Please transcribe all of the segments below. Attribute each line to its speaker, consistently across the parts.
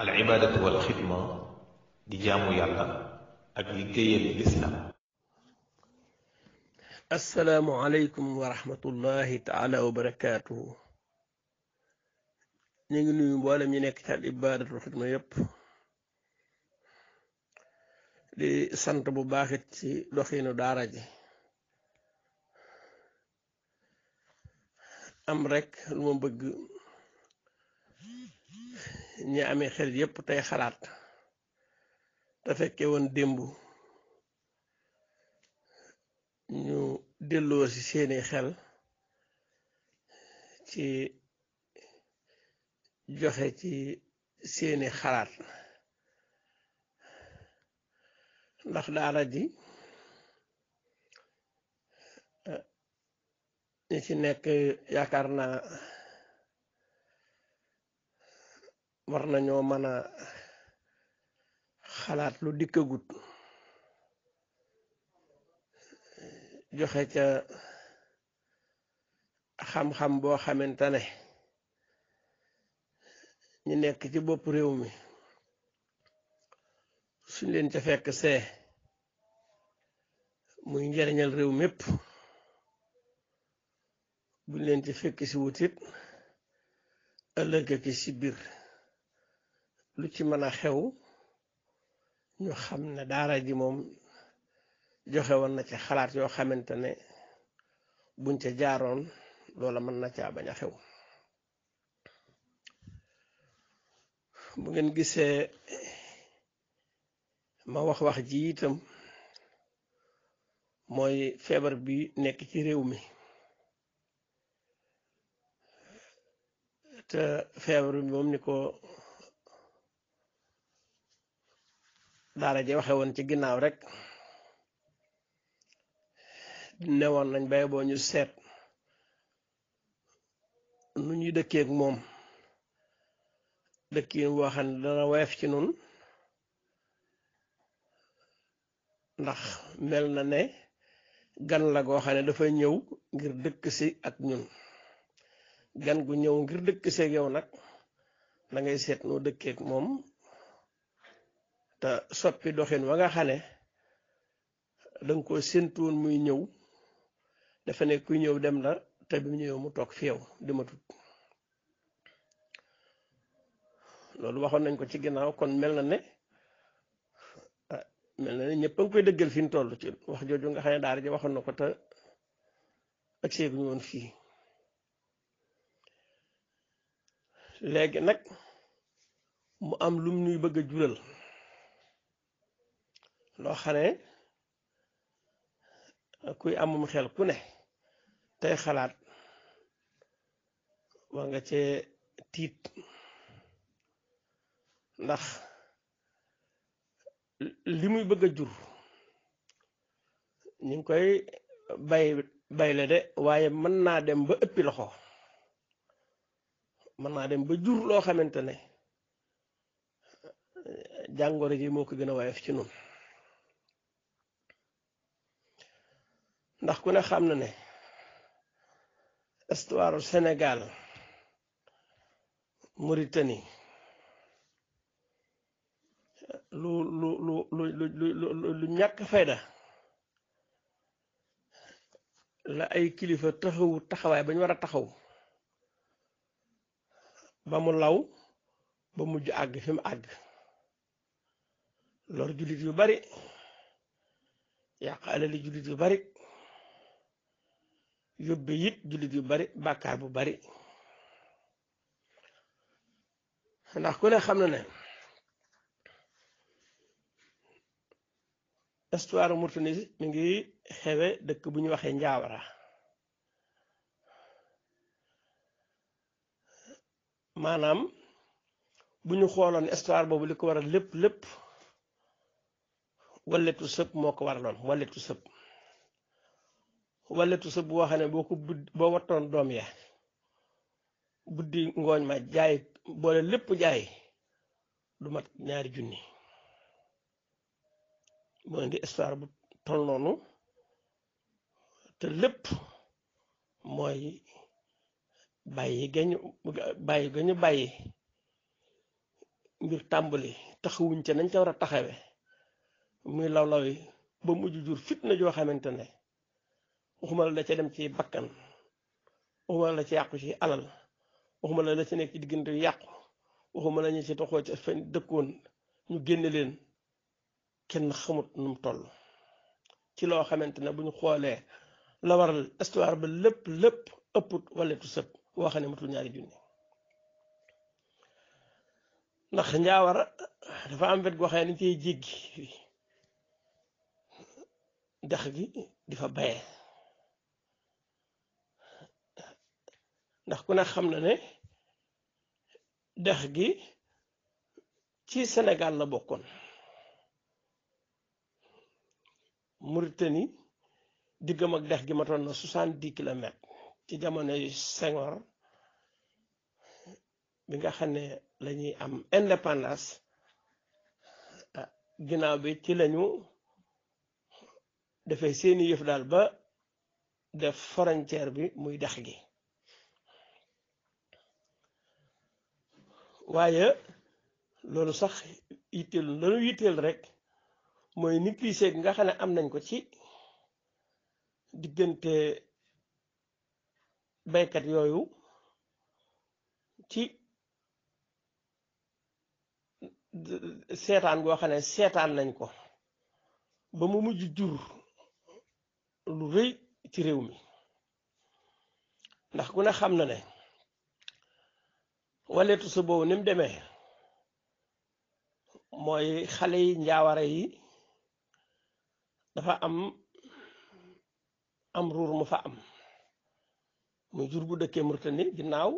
Speaker 1: al ibaadatu wal xidma di jaamu yàlla ak liggéeyal lislaam assalaamu aleykum wa rahmatullahi wa barakaatuhu ñu ngi nuyu mboolem ñi nekk ci al ibaadatu wal xidma yépp di sant bu baaxit ci doxinu daara ji am rekk lu ma bëgg ñi amee xel yépp tey xalaat te fekkee woon démb ñu delloo ci seeni xel ci joxe ci seeni xalaat ndax daara ji eh, ñi ci nekk yaakaar naa war nañoo mën a xalaat lu dikkagut joxe ca xam-xam boo xamante ne ñu nekk ci bopp réew mi suñ leen ca fekk see muy njariñal réew mépp buñ leen ci fekk si wutit ëllëg ki si biir lu ci mën a xew ñu xam ne daara ji moom joxe woon na ci xalaat yoo xamante ne buñ ca jaaroon loola mën na caa bañ a xew bu ngeen gisee ma wax wax ji itam mooy feebar bi nekk ci réew mi te feebar bi moom ni ko daara ji waxe woon ci ginnaaw rek newoon nañ bay boo ñu seet nu ñuy dëkkeek moom dëkkiin boo xam ne dana weef ci nun ndax mel na ne gan la goo xam ne dafa ñëw ngir dëkk si ak ñun gan gu ñëw ngir dëkk si ak yow nag da ngay seet noo dëkkeek moom te soppi doxin wa nga xam ne danga ko séntuwoon muy ñëw dafa ne kuy ñëw dem la te bi mu ñëw mu toog fi yow di tut loolu waxoon nañ ko ci ginnaaw kon mel na ne ah, mel na ne ñëpp a koy dëggal fi ñu toll ci wax jooju nga xam ne daara ji waxoon na ko te ak see woon fii léegi nag mu am lu ñuy bëgg a jural loo xam kuy amum xel ku ne tey xalaat war nga cee tiit ndax li muy bëgg a jur ñu ngi koy bay bay de waaye mën naa dem ba ëppi loxo mën naa dem ba jur loo xamante ne jàngoro ji moo ko gën a woyof ci noonu ndax ku ne xam na ne histoire Sénégal Mauritanie lu lu lu lu lu lu ñàkk fayda la ay kilifa taxawu taxawaay ba ñu war a taxaw ba mu law ba mujj àgg fi àgg loolu jullit yu bari yàq alali jullit yu bari yóbbe it jullit yu bari bàkkaar bu bari ndax ku ne xam na ne histoire Mauritanie mi ngi xewe dëkk bu ñu waxee Njaawara maanaam bu ñu xooloon histoire boobu li ko waral lépp lépp walletu sëpp moo ko waraloon walletu sëpp walla tusa bu waxee ne boo ko budd boo wattoon doom ya buddi ngooñ ma jaay boole lépp jaay du mat ñaari junni moo indi star bu tol noonu te lépp mooy bàyyi gañu bàyyi gañu bàyyi ngir tàmbali taxawuñ ca nañ ca war a taxawe muy law law ba mujj jur fitna joo xamante ne waxuma la ca dem ci bakkan waxuma la ca yàqu ci alal waxuma la la ca nekk ci diggante yàqu waxuma la ñu ci toxoo ca fañ dëkkoon ñu génne leen kenn xamut nu mu toll ci loo xamante ne bu ñu xoolee la waral histoire ba lépp lépp ëpput waletu sëb woo xam ne matul ñaari junni ndax njaawara dafa am wet goo xam ne dañ cey jéggi dex gi di fa baye ndax ku ne xam na ne dex gi ci Sénégal la bokkoon Mauritanie diggam ak dex gi matoon na soixante di kilomètres ci jamonoy Senghor bi nga xam ne lañuy am indépendance ah, ginnaaw bi ci lañu dafay seeni yëf daal ba def frontière bi muy dex gi waaye loolu sax yitteel lanu yitteel rek mooy négligé gi nga xam ne am nañ ko ci diggante baykat yooyu ci seetaan goo xam ne seetaan nañ ko ba mu mujj jur lu rëy ci réew mi ndax ku ne xam na ne waletu su boobu ni mu demee mooy xale yi njaaware yi dafa am am ruur mu fa am mu jur bu dëkkee Murtani ginnaaw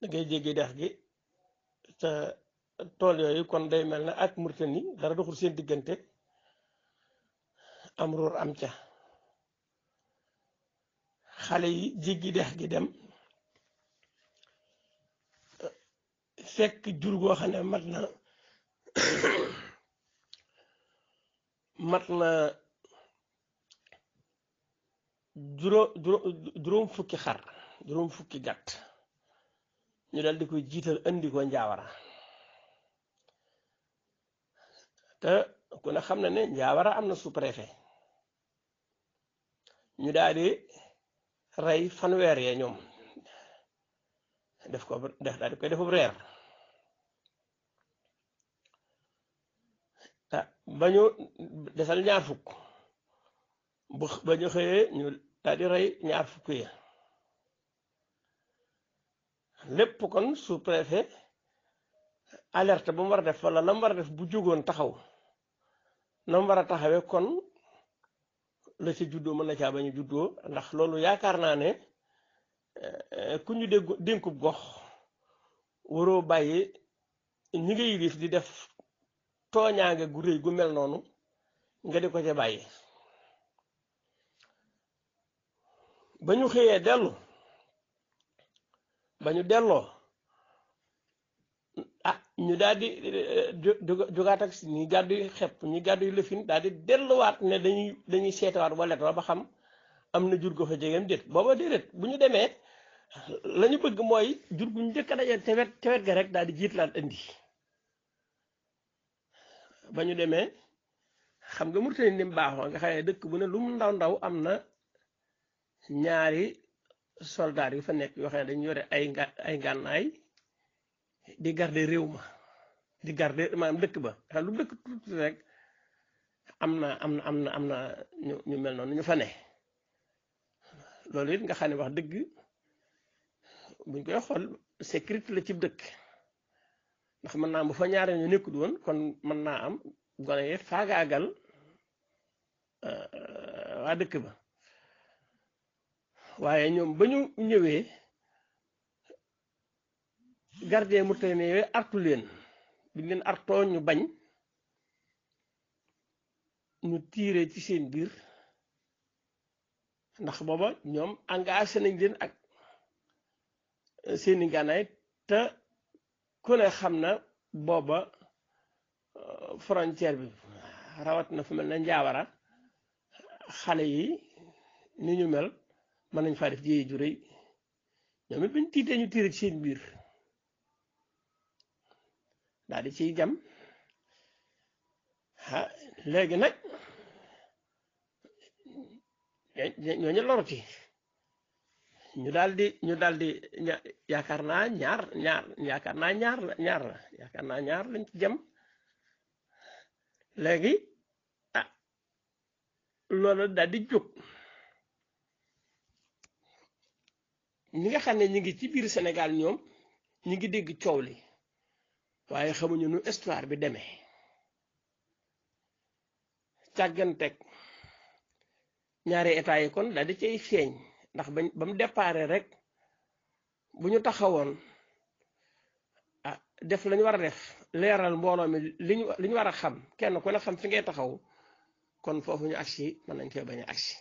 Speaker 1: dangay ngay jéggi dex gi te tool yooyu kon day mel ne ak Murtani dara doxul seen diggante am ruur am ca xale yi jéggi dex gi dem fekk jur goo xam ne mat na mat na juróom juróom fukki xar juróom fukki gàtt ñu dal di koy jiital andi ko njaawara te ku ne xam na ne njaawara am na sous-préfet ñu daal di rey fanweer yee ñoom def ko def daal di koy defub reer ba ñu desal ñaar fukk bu ba ñu xëyee ñu daal di rey ñaar fukk ya lépp kon su préfet alerte ba mu war a def wala la mu war a def bu jógoon taxaw na war a taxawee kon la ca juddoo mën na caa bañ a juddoo ndax loolu yaakaar naa ne eh, ku ñu dégg dénkub gox waroo bàyyi ñi nga yilif di def tooñaange gu rëy gu mel noonu nga di ko ca bàyyi ba ñu xëyee dellu ba ñu delloo ah ñu daal di jugaat eh, eh, ak ñu gàddu xepp ñu gàddu yu lëfin daal di delluwaat ne dañuy dañuy seetewaat walet wa ba xam am na jur go fa jegem déet booba déedéet bu ñu demee la ñu bëgg mooy jur gu njëkk a daje tewet tewet ga rek daal di jiitlaat indi ba ñu demee xam nga Mauritanie ni mu baaxoo nga xam dëkk bu ne lu mu ndaw ndaw am na ñaari soldaar yu fa nekk yoo xam ne dañu yore ay ay ngànnaay di garde réew ma di garde maanaam dëkk ba xam lu dëkk tuuti rek am na am na am na am na ñu ñu mel noonu ñu fa ne loolu it nga xam ne wax dëgg buñ koy xool sécurité la ci dëkk. ndax mën naa am bu fa ñaari ñu nekkul woon kon mën naa am gone yi faagaagal euh, waa dëkk ba waaye ñoom ba ñu ñëwee gardien Mauritanie yooyu artu leen bi leen artoo ñu bañ ñu tiire ci seen biir ndax booba ñoom engagé nañ ak euh, seeni gànnaay te ku ne xam na booba uh, frontière bi rawat na fu mel ne njaawara xale yi ni ñu mel mën nañ faa def jéye ju rëy ñoom it bañ tiitee ñu tiire ci seen biir daal ci jam léegi nag ñooñu loroti ñu daal ñu daal di yaakaar naa ñaar ñaar naa ñaar ñaar la yaakaar naa ñaar lañ ci jëm léegi ah loolu daal jóg ñi nga xam ne ñu ngi ci biir Sénégal ñoom ñu ngi dégg coow li waaye xamuñu nu histoire bi demee càgganteeg ñaari état yi kon daal di cay feeñ. ndax bañ ba mu rek bu ñu taxawoon ah def la war a def leeral mbooloo mi li li ñu war a xam kenn ku ne xam fi ngay taxaw kon foofu ñu mën nañ koy bañ a agsi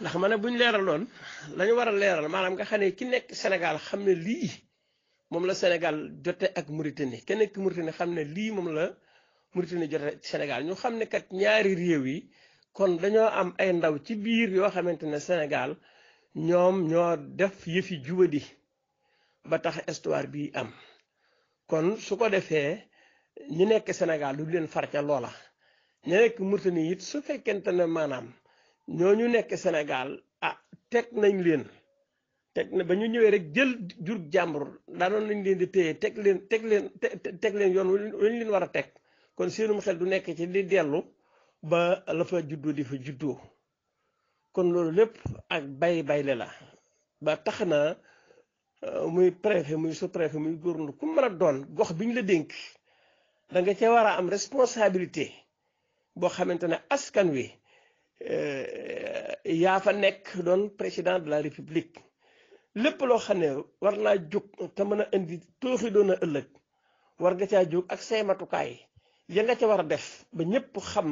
Speaker 1: ndax ma ne bu ñu leeraloon la war a leeral maanaam nga xam ne ki nekk Sénégal xam ne lii moom la Sénégal jote ak Mauritanie ki nekk xam ne lii moom la Mauritanie jote Sénégal ñu xam ne kat ñaari réew yi. kon dañoo am ay ndaw ci biir yoo xamante ne Sénégal ñoom ñoo def yëfi jubadi ba tax histoire bi am kon su ko defee ñi nekk Sénégal du leen far ca loola ñi it su fekkente ne maanaam ñooñu nekk Sénégal ah teg nañ leen teg na ba ñu ñëwee rek jël jur jàmbur daanoon nañ leen di téye teg leen teg leen teg leen yoon wu leen war a teg kon seenum xel du nekk ci di dellu. ba la fa juddoo di fa juddoo kon loolu lépp ak bay bayle la ba tax na euh, muy préfet muy sous-préfet muy gouverneur ku mën a doon gox bi ñu la dénk da nga cee war a am responsabilité boo xamante ne askan wi euh, yaa fa nekk doon président de la république lépp loo xam ne war naa jóg te mën a indi tooxi doon a ëllëg war nga caa jóg ak say matukaay ya nga ca war a def ba ñépp xam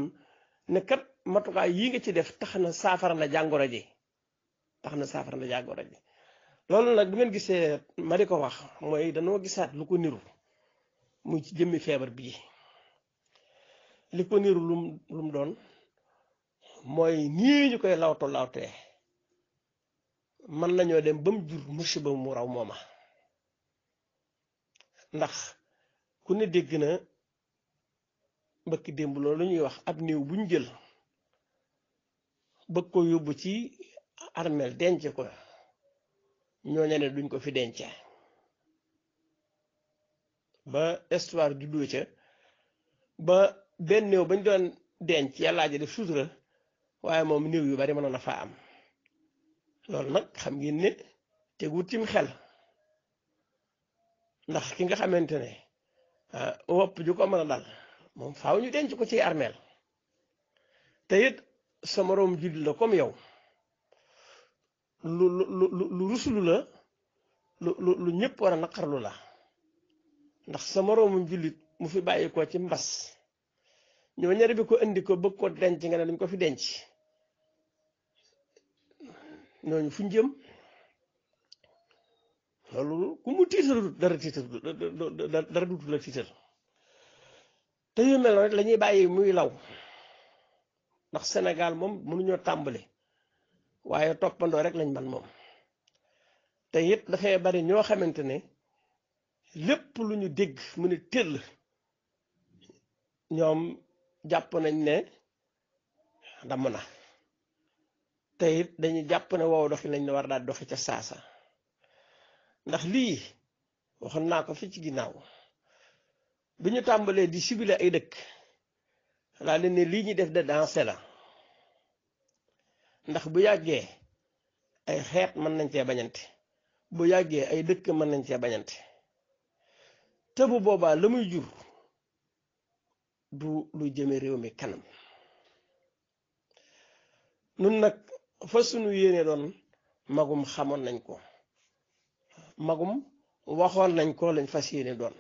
Speaker 1: ne matukaay yii nga ci def tax na saafara na jàngoro ji tax na saafara na jàngoro ji loolu nag bu ngeen gisee ma ko wax mooy danoo gisaat lu ko niru muy ci jëmmi feebar bii li ko niru lum lu mu doon mooy nii ñu koy lawto lawtee mën nañoo dem ba mu jur musiba mu raw mooma ndax ku ne dégg na mbëkki démb loolu ñuy wax ab néew bu ñu jël bëgg ko yóbbu ci armeel denc ko ñooña ne duñ ko fi denc ba histoire juddoo ca ba benn néew bañ doon denc yàllaa ja def waaye moom néew yu bari mënoon a fa am loolu nag xam ngeen ne te tim xel ndax ki nga xamante ne ah, wopp ju ko mën a dal moom faaw ñu denc ko ci armeel te sa moroom jullit la comme yow lu lu lu lu la lu lu ñëpp war a naqarlu la ndax sa moroomu jullit mu fi bàyyi ko ci mbas ñoo ñari bi ko indi ko bëgg ko denc nga ne dañ ko fi denc ñooñu fuñ jëm loolu ku mu tiitalu dara dara duutu la tiital te yu mel noonu la bàyyi muy law ndax senegal moom mënuñoo tàmbali waaye toppandoo rek lañ man moom te it dafay bari ñoo xamante ne lépp lu ñu dégg mu ne tëll ñoom jàpp nañ ne damm na te it dañuy jàpp ne wow doxi nañ ne war daal doxi ca saasa ndax lii waxoon naa ko fi ci ginnaaw bi ñu tàmbalee di sibile ay dëkk xanaa leen ne lii ñu def de danse la ndax bu yàggee ay xeet mën nañ cee bañante bu yàggee ay dëkk mën nañ cee bañante te bu boobaa la muy jur du lu jëme réew mi kanam nun nag fas sunu yéene doon magum xamoon nañ ko magum waxoon nañ ko lañ fas yéene doon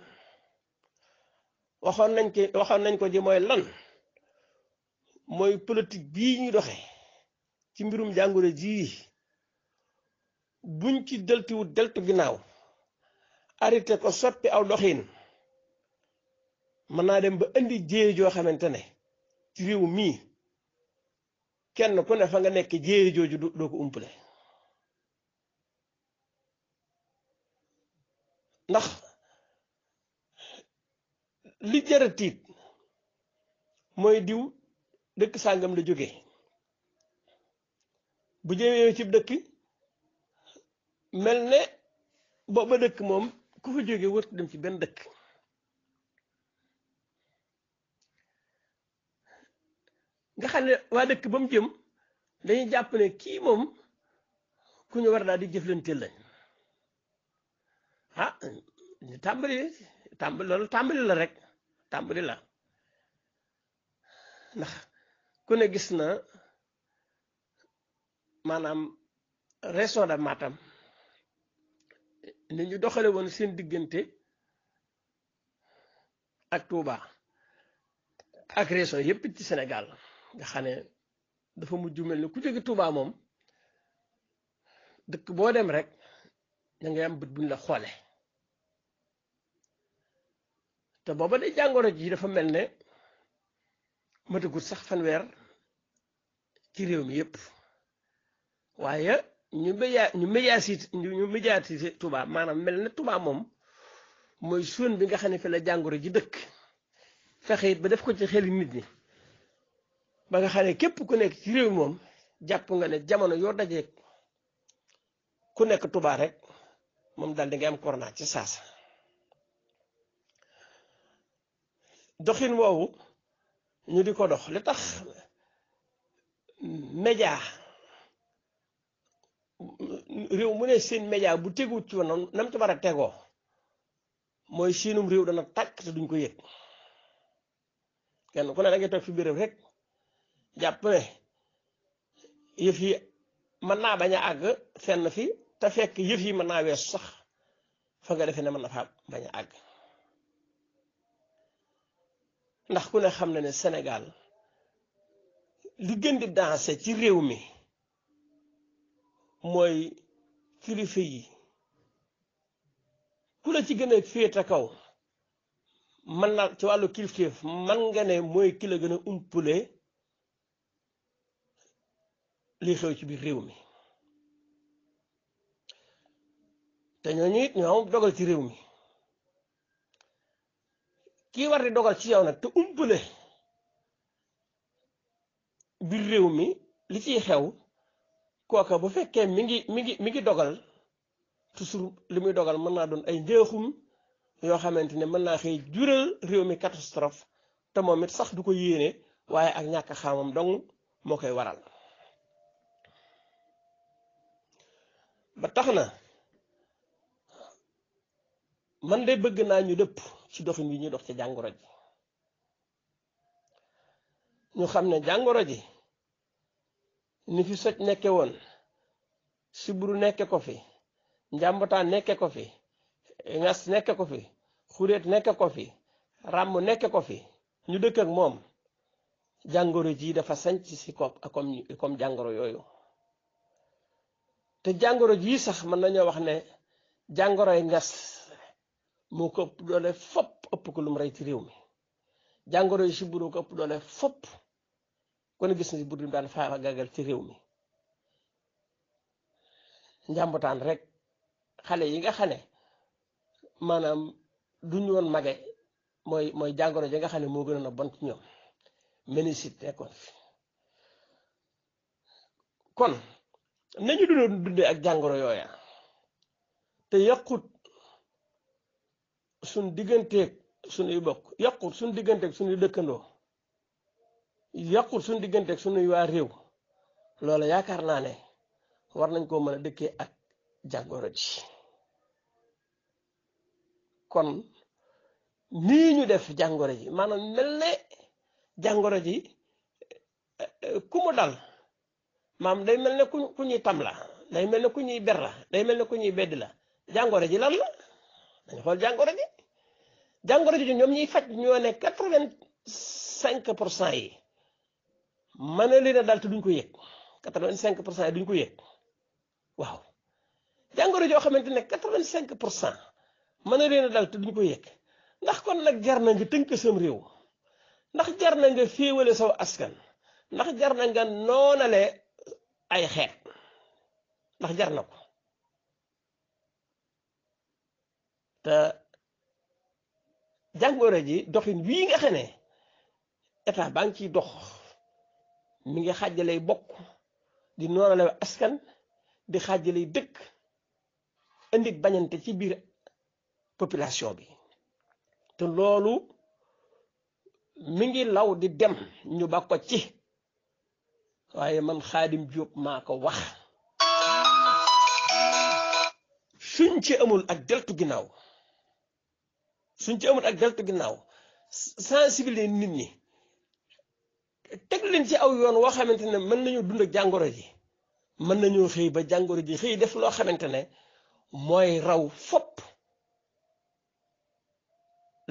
Speaker 1: waxoon nañ ko waxoon nañ ko ji mooy lan mooy politique bii ñu doxe ci mbirum jàngoro jii buñ ci deltiwut deltu ginnaaw arrêté ko soppi aw doxin mën naa dem ba indi jéey joo xamante ne ci réew mii kenn ku ne fa nga nekk jéey jooju doo ko umpale ndax li jar a tiit mooy diw dëkk sàngam la jóge bu jëwee ci dëkk mel ne booba dëkk moom ku fa jóge wërtu dem ci benn dëkk nga xam ne waa dëkk ba mu jëm dañuy jàpp ne kii moom ku ñu war daal di jëflanteel lañ ah ñu tàmbali tàmbali loolu tàmbali la rek tàmbali la ndax ku ne gis na maanaam région de Matam ni ñu doxale woon seen diggante ak Touba ak région yépp ci Sénégal nga xam ne dafa mujj mel ni ku jóge Touba moom dëkk boo dem rek da ngi am bët bu buñ la xoole te booba day jàngoro ji dafa mel ne matagut sax fanweer ci réew mi yépp waaye ñu média ñu médiasit ñu médiatise Touba maanaam mel ne tubaa moom mooy suun bi nga xam ne fi jàngoro ji dëkk fexe it ba def ko ci xeli nit ñi ba nga xam képp ku nekk ci réew moom jàpp nga ne jamono yoo dajee ku nekk Touba rek moom daal di nga am corona ci saasa doxin woowu ñu di ko dox li tax média réew mu ne seen média bu teguwut ci woon nam ci war a tegoo mooy siinum réew dana tàkk te duñ ko yëg kenn ku ne da ngay toog fi béréb rek jàpp ne yëf yi mën naa bañ a àgg fenn fi te fekk yëf yi mën naa weesu sax fa nga defee ne mën na faa bañ a àgg. ndax ku ne xam na ne Sénégal li gën di danse ci réew mi mooy kilifa yi ku la ci gën a féete kaw man na ci wàllu kilifteef man nga ne mooy ki la gën a umpule li xew ci biir réew mi te ñooñu it ñoo am dogal ci réew mi kii war di dogal ci yow nag te umpale biir réew mi li ciy xew kooka bu fekkee mi ngi mi ngi mi ngi dogal toujours li muy dogal mën naa doon ay njeexum yoo xamante ne mën naa xëy jural réew mi catastrophe te moom it sax du ko yéene waaye ak ñàkk xamam dong moo koy waral ba tax na man de bëgg naa ñu dëpp ci dofin bi ñuy dox ci jàngoro ji ñu xam ne jàngoro ji ni fi soj nekke woon siburu nekke ko fi njàmbataan nekke ko fi ngas nekke ko fi xuréet nekke ko fi ràmm nekke ko fi ñu dëkk ak moom jàngoro ji dafa sanc si kopp ak comme jàngoro yooyu te jàngoro jii sax mën nañoo wax ne jàngoro jàngoroy ngas moo ko ëpp doole fopp ëpp ko lu mu rey ci réew mi jàngoro yi sibiru ko ëpp doole fopp kon gis na sibiru daan faagaagal ci réew mi njàmbutaan rek xale yi nga xale ne maanaam duñu woon mage mooy mooy jàngoro ji nga xam ne moo gënoon a bon ci ñoom méningite nekkoon fi kon nañu doon dundee ak jàngoro yooya te yàqut suñ digganteeg suñuy bokk yàqut suñ digganteek suñuy dëkkandoo yàqut suñ digganteek suñuy waa réew loola yaakaar naa ne war nañ koo mën a dëkkee ak jàngoro ji kon nii ñu def jàngoro ji maanaam mel ne jàngoro ji eh, eh, ku dal maam day mel ne ku ku ñuy tam la day mel ne ku ñuy ber la day mel ne ku ñuy bedd la jàngoro ji dañu xool jàngoro ji jàngoro ji ñoom ñuy faj ñoo ne quatre vingt cinq pour cent yi mën na leen a daal te duñ ko yëg quatre vingt cinq pour cent yi duñ ko yëg waaw jàngoro joo xamante ne quatre vingt cinq pour cent mën na a daal te duñ ko yëg ndax kon nag jar na nga tënk sam réew ndax jar na nga féewale saw askan ndax jar na nga noonale ay xeet ndax jar na ko. te jàngoro ji doxin wii nga xam ne état baa ngi ciy dox mi ngi xàjjalay bokk di noonale askan di xàjjalay dëkk indi bañante ci biir population bi te loolu mi ngi law di dem ñu ba ko ci waaye man Xaadim Jóob maa ko wax suñ ci amul ak deltu ginnaaw suñ ci amul ak deltu ginnaaw sensibiliser nit ñi teg leen ci aw yoon woo xamante ne mën nañoo dund ak jàngoro ji mën nañoo xëy ba jàngoro ji xëy def loo xamante ne mooy raw fopp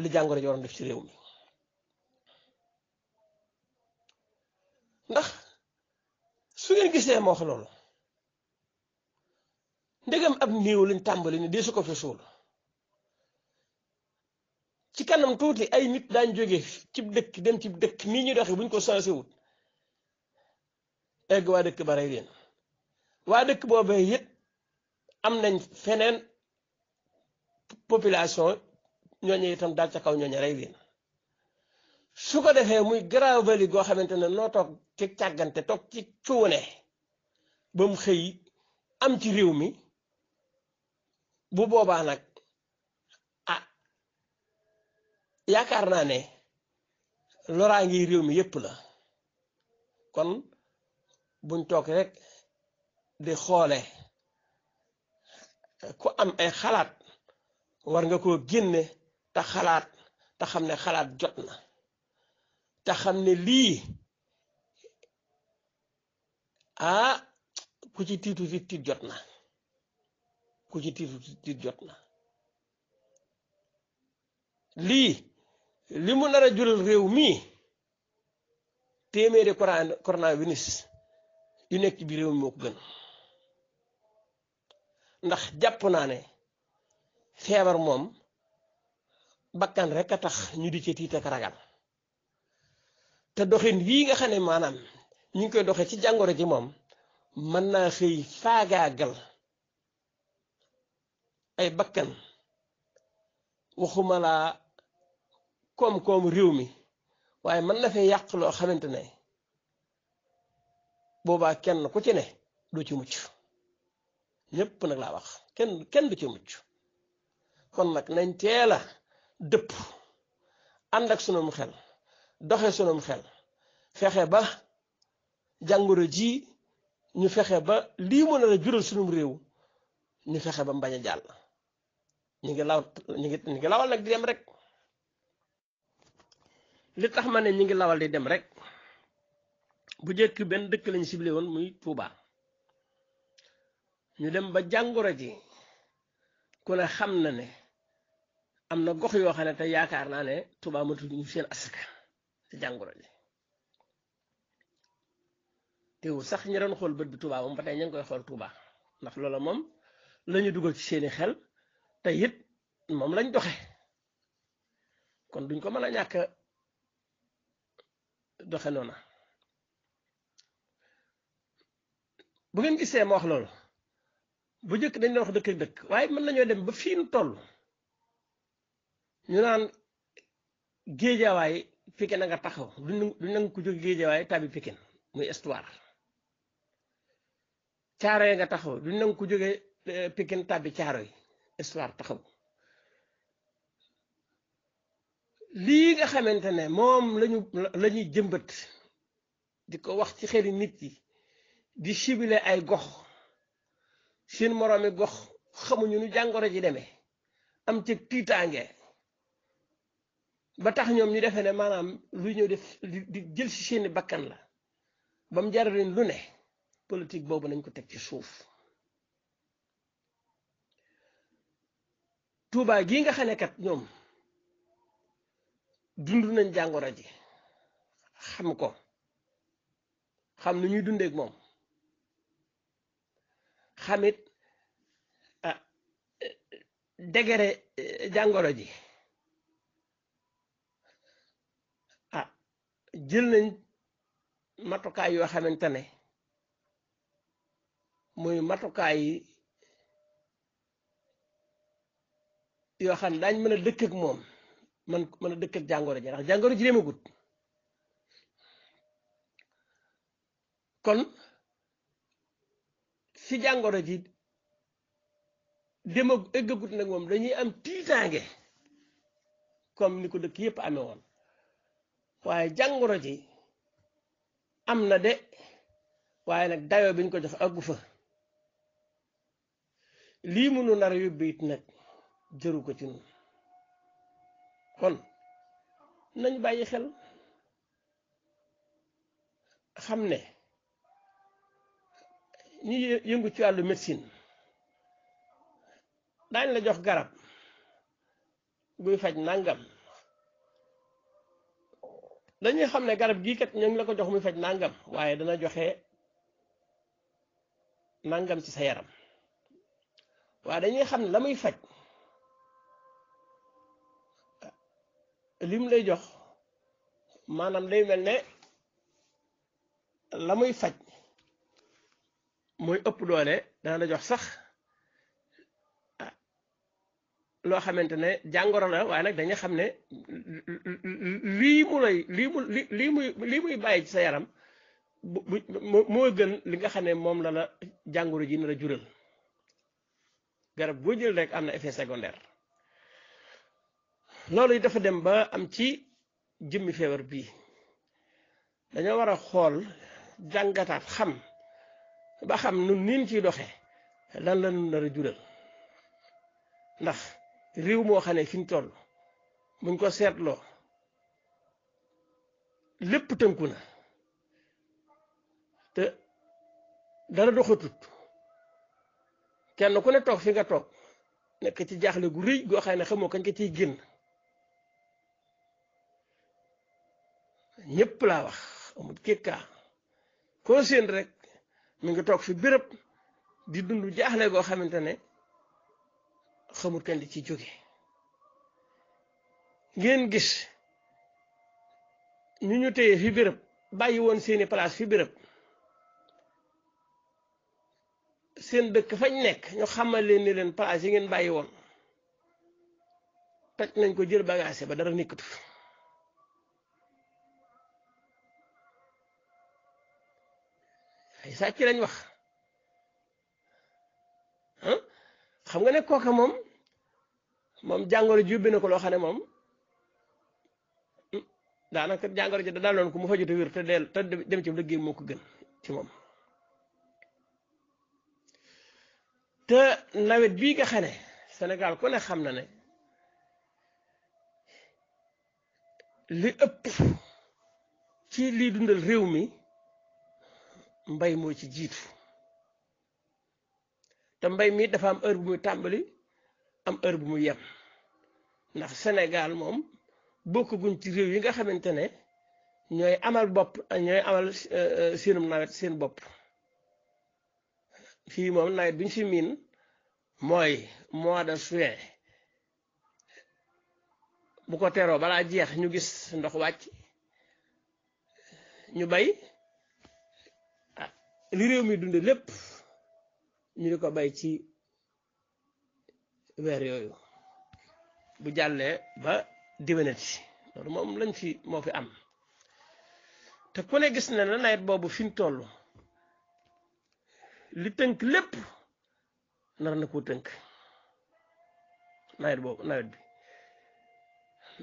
Speaker 1: li jàngoro ji waroon def ci réew mi ndax su ngeen gisee ma wax loolu ak ab néew lañ tàmbali ni dee su ko fi suul ci kanam tuuti ay nit daañ jóge cib dëkk dem cib dëkk nii ñu doxe buñ ko sensé wut egg waa dëkk ba rey leen waa dëkk boobee it am nañ feneen population ñooñu itam daal ca kaw ñooñu rey leen su ko defee muy graveli goo xamante ne noo toog ci càggante toog ci cuune ba mu xëy am ci réew mi bu boobaa nag yaakaar naa ne loraa ngi réew mi yépp la kon buñ toog rek di xoole ku am ay xalaat war nga koo génne te xalaat te xam ne xalaat jot na te xam ne lii ah ku ci tiitu fi tiit jot na ku ci tiitu tiit jot na lii li mu nar a jural réew mii téeméeri corona coronavirus yu nekk bi réew mi moo ko gën ndax jàpp naa ne feebar moom bakkan rek a tax ñu di ci tiit ak te doxin wii nga xam ne maanaam ñu ngi koy doxe ci jàngoro ji moom mën naa xëy faagaagal ay bakkan waxuma koom-koom réew mi waaye man na fee yàq loo xamante ne boobaa kenn ku ci ne du ci mucc ñépp nag laa wax kenn kenn du ci mucc kon nag nañ teel a dëpp ànd ak sunum xel doxe sunum xel fexe ba jàngoro ji ñu fexe ba lii mën a jural sunum réew ñu fexe ba mbañ a jàll ñu ngi law ngi lawal nag di dem rek li tax ma ne ñu ngi lawal di dem rek bu njëkk benn dëkk lañ ciblé woon muy Touba ñu dem ba jàngoro ji ku ne xam na ne am na gox yoo xam ne te yaakaar naa ne tuubaa matul ñu seen asaka ci jàngoro ji teewul sax ñi doon xool bët bi Touba moom ba tey ña ngi koy xool Touba ndax loola moom la ñu dugal ci seeni xel te it moom lañ doxe kon duñ ko mën a ñàkk doxe noona bu ngeen gisee ma wax loolu bu njëkk dañ na wax dëkk dëkk waaye mën nañoo dem ba fii nu toll ñu naan géejawaay Pikine a nga taxaw du nangu ku jóg géejawaay tàbbi Pikine muy histoire caaro yi nga taxaw du nangu ku jóge eh, Pikine tàbbi caaro yi histoire taxaw lii nga xamante ne moom lañu lañuy jëmbët di ko wax ci xeli nit yi di sibile ay gox seen moroomi gox xamuñu nu jàngoro ji deme am ci tiitaange ba tax ñoom ñu defe ne maanaam lu ñëw def di jël ci seeni bakkan la ba mu leen lu ne politique boobu nañ ko teg ci suuf Tuubaa gi nga xam ne kat ñoom dund nañ jàngoro ji xam ko xam lu ñuy dundeek moom xamit ah degere eh, jàngoro ji ah jël nañ matukaay yoo xamante ne muy matukaay yi yoo xam ne daañ mën a dëkk ak moom man mën a dëkk ak jàngoro ji ndax jàngoro ji demagut kon si jàngoro ji dem ëggagut nag moom dañuy am tiitaange comme ni ko dëkk yépp amee waaye jàngoro ji am na de waaye nag dayoo bi ñu ko jox àggu fa lii mënu nar yóbbu it nag jëru ko ci ñun kon nañ bàyyi xel xam ne ñii yëngu ci wàllu médecine daañ la jox garab buy faj nangam dañuy xam ne garab gii kat ñu ngi la ko jox muy faj nangam waaye dana joxe nangam ci sa yaram waaye dañuy xam ne la muy faj lim lay jox maanam day mel ne la muy faj mooy ëpp doole dana la jox sax ah, loo xamante ne jàngoro na waaye nag dañuy xam ne lii mu lay lii mu lii muy lii muy bàyyi ci sa yaram bu moo gën li nga xam ne moom la la jàngoro jii na la jural garab boo jël rek am na effet secondaire loolu dafa dem ba am ci jimmi feebar bii dañoo war a xool jàngataat xam ba xam nun niin ciy doxe lan la nun nar a jural ndax réew moo xam ne fi ñu toll buñ ko seetloo lépp tënku na te dara doxatut kenn ku ne toog fi nga toog nekk ci jaaxle gu rëy goo xam ne xamoo kañ ko ci génn ñépp laa wax amul kikkaa ko seen rek mi ngi toog fi béréb di dund jaaxle goo xamante ne xamul kañ di ci jóge ngeen gis ñu ñu téye fi béréb bàyyi woon seeni place fi béréb seen dëkk fañ nekk ñu xamal leen leen place yi ngeen bàyyi woon toj nañ ko jël bagage ba dara nekkatu sàcc lañ wax ah xam nga ne kooka moom moom jàngoro ji yóbbi ko loo xam ne moom daanaka jàngoro ji da daloon ko mu faju te te dem ci liggéey moo ko gën ci moom te nawet bii nga xam ne Sénégal ku ne xam na ne li ëpp ci lii dundal réew mi mbay mooy ci jiitu te mbay mi dafa am heure bu muy tàmbali am heure bu mu yem ndax Sénégal moom bokkaguñ ci réew yi nga xamante ne ñooy amal bopp ñooy amal euh, euh, seenum nawet seen bopp fii moom nawet bi ñu fi miin mooy mois de juin bu ko teroo balaa jeex ñu gis ndox wàcc ñu bay li réew mi dunde lépp ñu di ko bay ci weer yooyu bu jàllee ba diwénati loolu moom lañ fi moo fi am te ku ne gis na ne nawet boobu fi mu toll li tënk lépp nar na ko tënk nawet boobu nawet bi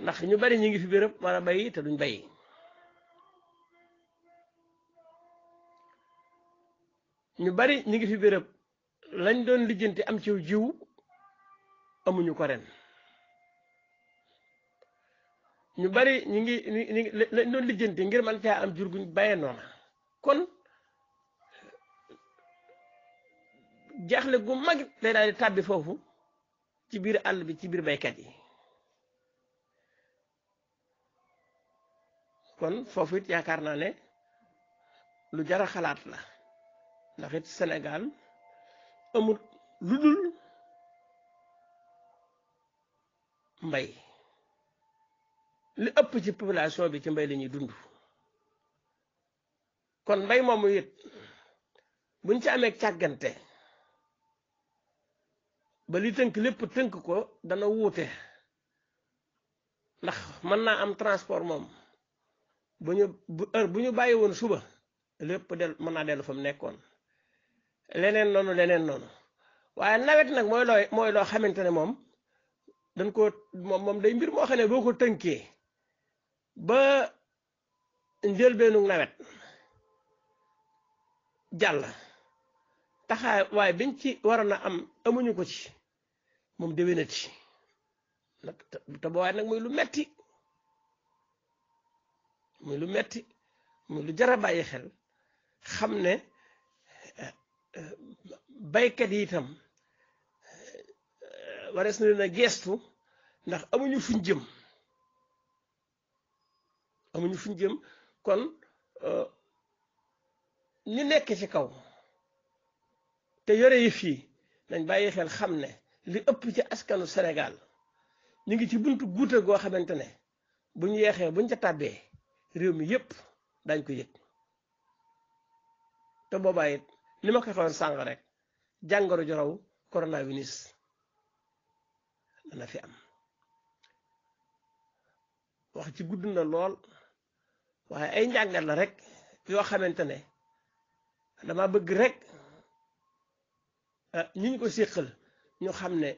Speaker 1: ndax ñu bari ñu ngi fi béréb war a bay te duñ bay ñu bari ñu ngi fi béréb lañ doon lijjanti am ciw jiw amuñu ko ren ñu bari ñu ngi ñu lañ doon lijjanti ngir man caa am jur guñ bàyyee noona kon jaxle gu mag day daal di tàbbi foofu ci biir àll bi ci biir baykat yi kon foofu it yaakaar naa ne lu jara xalaat la ndax it Sénégal amul lu dul mbay li ëpp ci population bi ci mbay lañuy dund kon mbay moomu it buñ ci amee càggante ba li tënk lépp tënk ko dana wuute ndax mën naa am transport moom bu ñu bu heure bu ñu bàyyi woon suba lépp del mën naa dellu fa mu nekkoon leneen noonu leneen noonu waaye nawet nag mooy looy mooy loo xamante ne moom dañ ko moom moom day mbir moo xam ne boo ko tënkee ba njëlbeenu nawet jàll taxaay waaye biñ ci waroon a am amuñu ko ci moom déwénati nag te boo waaye nag muy lu metti muy lu metti muy lu jar a bàyyi xel xam ne baykat yi itam eh, warees na leen a geestu ndax amuñu fuñ jëm amuñu fuñ jëm kon eh, ñu nekk ci kaw te yore yi fii dañ bàyyi xel xam ne li ëpp ci askanu senegal ñu ngi ci buntu guuta goo xamante ne bu ñu yeexee buñ ca tàbbee réew mi yépp dañ ko yëg te boobaa li ma koy waxoon sàng rek jàngoro joraw coronavirus dana fi am wax ci gudd na lool waaye ay njàngat la rek yoo xamante ne dama bëgg rek ah, ñi ko séqal ñu xam ne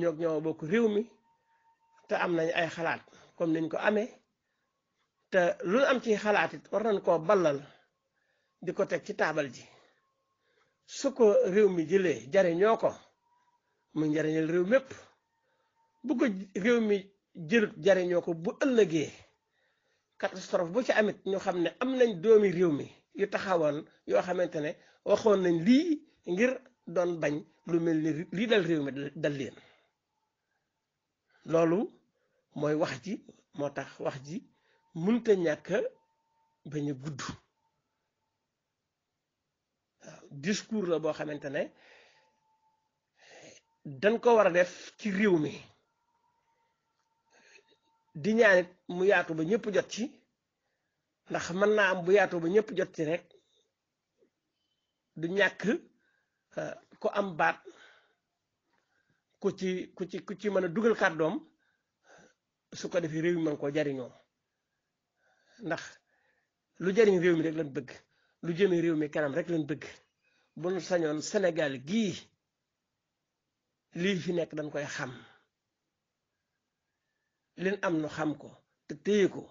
Speaker 1: ñoo ñoo bokk réew mi te am nañ ay xalaat comme niñ ko amee te lu am ci xalaatit it war nañ koo ballal di ko teg ci taabal ji su ko réew mi jëlee jariñoo ko mu njariñal réew mépp bu ko réew mi jëlut jariñoo ko bu ëllëgee catastrophe bu ci amit ñu xam ne am nañ doomi réew mi yu taxawoon yoo xamante ne waxoon nañ lii ngir doon bañ lu mel ni lii dal réew mi dal leen loolu mooy wax ji moo tax wax ji munta ñàkk bañu gudd discours la boo xamante ne dañ ko war a def ci réew mi di ñaanit mu yaatu ba ñëpp jot ci ndax mën naa am bu yaatoo ba ñëpp jot ci rek du ñàkk euh, ko am baat ku ci ku ci ku ci mën a dugal doom su ko defee réew mi mën koo jariñoo ndax lu jariñ réew mi rek lañ bëgg lu jëmee réew mi kanam rek lañ bëgg bu nu sañoon Sénégal gii lii fi nekk dañ koy xam lin am nu xam ko te téye ko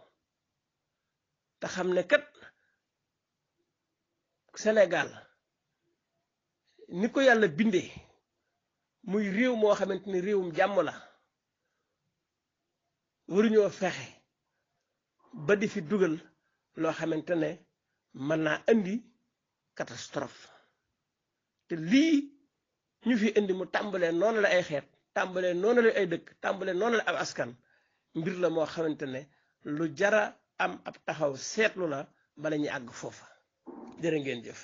Speaker 1: te xam ne kat Sénégal ni ko yàlla bindee muy réew moo xamante ni réewum jàmm la waruñoo fexe ba di fi dugal loo xamante ne mën naa indi catastrophe te lii ñu fi indi mu tàmbalee noonu la ay xeet tàmbalee noonu la ay dëkk tàmbalee noonu la ab askan mbir la moo xamante ne lu jara am ab taxaw seetlu la bala ñu àgg foofa jërë ngeen jëf